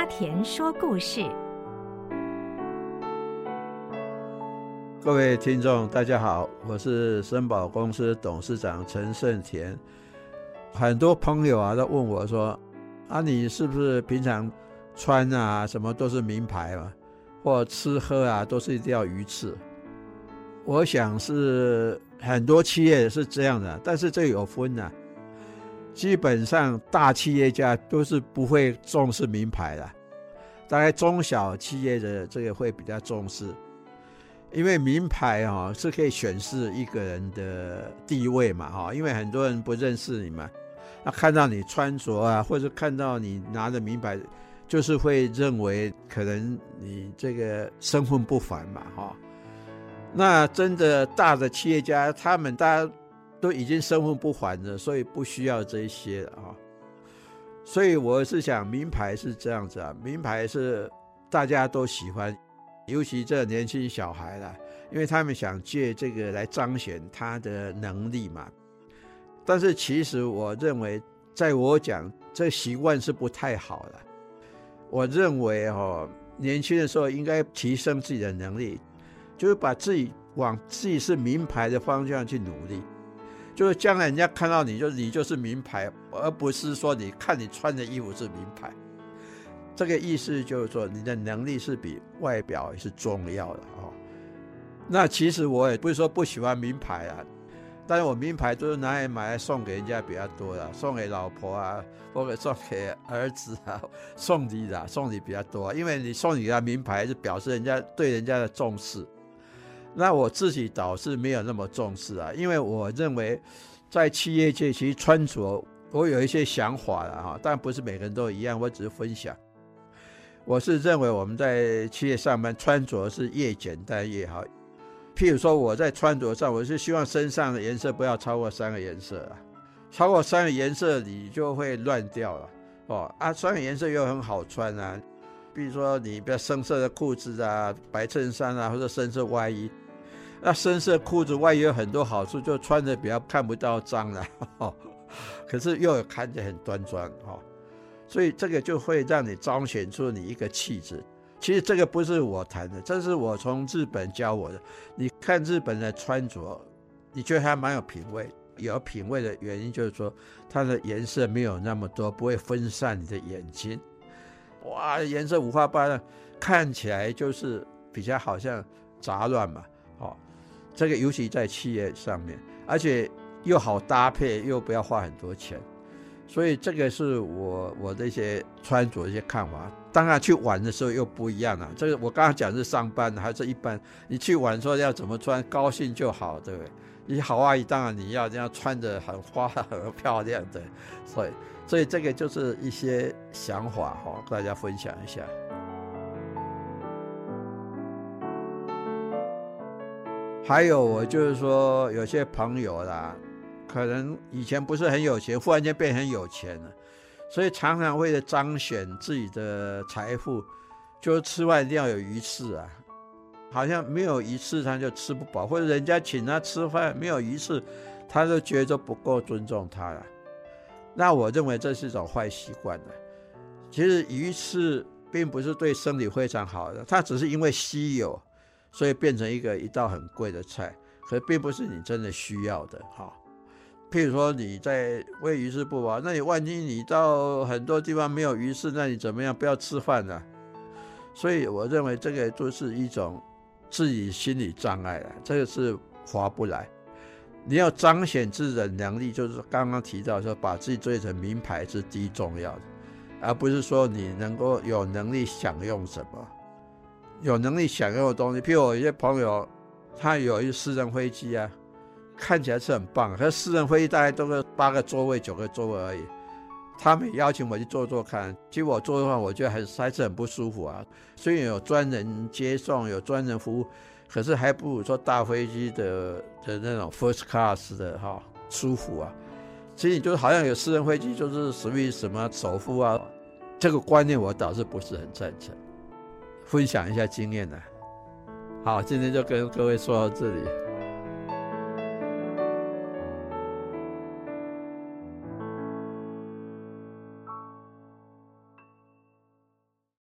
阿沺說故事。各位聽眾，大家好，我是森寶公司董事長陳勝田。很多朋友啊，都問我說：“啊，你是不是平常穿啊什麼都是名牌啊，或吃喝啊都是一定要魚翅？”我想是很多企業是這樣的，但是這有分啊。基本上大企業家都是不會重視名牌的，當然中小企業的這個會比較重視，因為名牌哈是可以顯示一個人的地位嘛哈，因為很多人不認識你嘛，那看到你穿着啊，或者看到你拿着名牌，就是會認為可能你這個身份不凡嘛哈。那真的大的企業家，他們大家。都已經身份不凡了，所以不需要這些了哈。所以我是想，名牌是這樣子啊，名牌是大家都喜歡，尤其這年輕小孩了，因為他們想借這個來彰顯他的能力嘛。但是其實我認為，在我講，這習慣是不太好的。我認為哈、哦，年輕的時候應該提升自己的能力，就是把自己往自己是名牌的方向去努力。就是將來人家看到你就你就是名牌，而不是說你看你穿的衣服是名牌。這個意思就是說，你的能力是比外表是重要的啊。那其實我也不是說不喜歡名牌啊，但是我名牌都是拿來買來送給人家比較多的，送給老婆啊，或者送給兒子啊，送禮的送禮比較多，因為你送你的名牌是表示人家對人家的重視。那我自己倒是沒有那麼重視啊，因為我認為，在企業界其實穿着我有一些想法了哈，但不是每個人都一樣，我只是分享。我是認為我們在企業上班穿着是越簡單越好。譬如說我在穿着上，我是希望身上的顏色不要超過三個顏色啊，超過三個顏色你就會亂掉了哦啊，三個顏色又很好穿啊。比如說，你比較深色的褲子啊，白襯衫啊，或者深色外衣。那深色褲子、外衣有很多好處，就穿着比較看不到髒了。可是又有看着很端莊哈、喔，所以這個就會讓你彰顯出你一個氣質。其實這個不是我談的，這是我從日本教我的。你看日本的穿着，你覺得還蠻有品味。有品味的原因就是說，它的顏色沒有那麼多，不會分散你的眼睛。哇，顏色五花八門，看起來就是比較好像雜亂嘛。好、哦，這個尤其在企業上面，而且又好搭配，又不要花很多錢，所以這個是我我一些穿着一些看法。當然去玩的時候又不一樣了、啊。這個我剛剛講是上班還是一般，你去玩的時候要怎麼穿，高興就好，對不對？你好啊，一當然你要這樣穿得很花很漂亮的，所以所以這個就是一些。想法哈，大家分享一下。還有，我就是說，有些朋友啦，可能以前不是很有錢，忽然間變成很有錢了，所以常常為了彰顯自己的財富，就是、吃飯一定要有魚翅啊，好像沒有魚翅他就吃不飽，或者人家請他吃飯沒有魚翅，他就覺得不夠尊重他了。那我認為這是一種壞習慣，其實魚翅並不是對身體非常好的，它只是因為稀有，所以變成一個一道很貴的菜，可並不是你真的需要的哈、哦。譬如說你在餵魚翅不飽，那你萬一你到很多地方沒有魚翅，那你怎麼樣？不要吃飯呢、啊？所以我認為這個就是一種自己心理障礙了，這個是划不來。你要彰顯自己的能力，就是剛剛提到說把自己做成名牌是第一重要的。而不是說你能夠有能力享用什麼，有能力享用的東西。譬如我一些朋友，他有一私人飛機啊，看起來是很棒。可是私人飛機大概都是八個座位、九個座位而已。他們邀請我去坐坐看，結果坐的話，我覺得還是還是很不舒服啊。雖然有專人接送，有專人服務，可是還不如坐大飛機的的那種 first class 的哈、哦、舒服啊。其實，就好像有私人飛機，就是屬於什麼首富啊，這個觀念我倒是不是很贊成。分享一下經驗呢，啊，好，今天就跟各位說到這裡。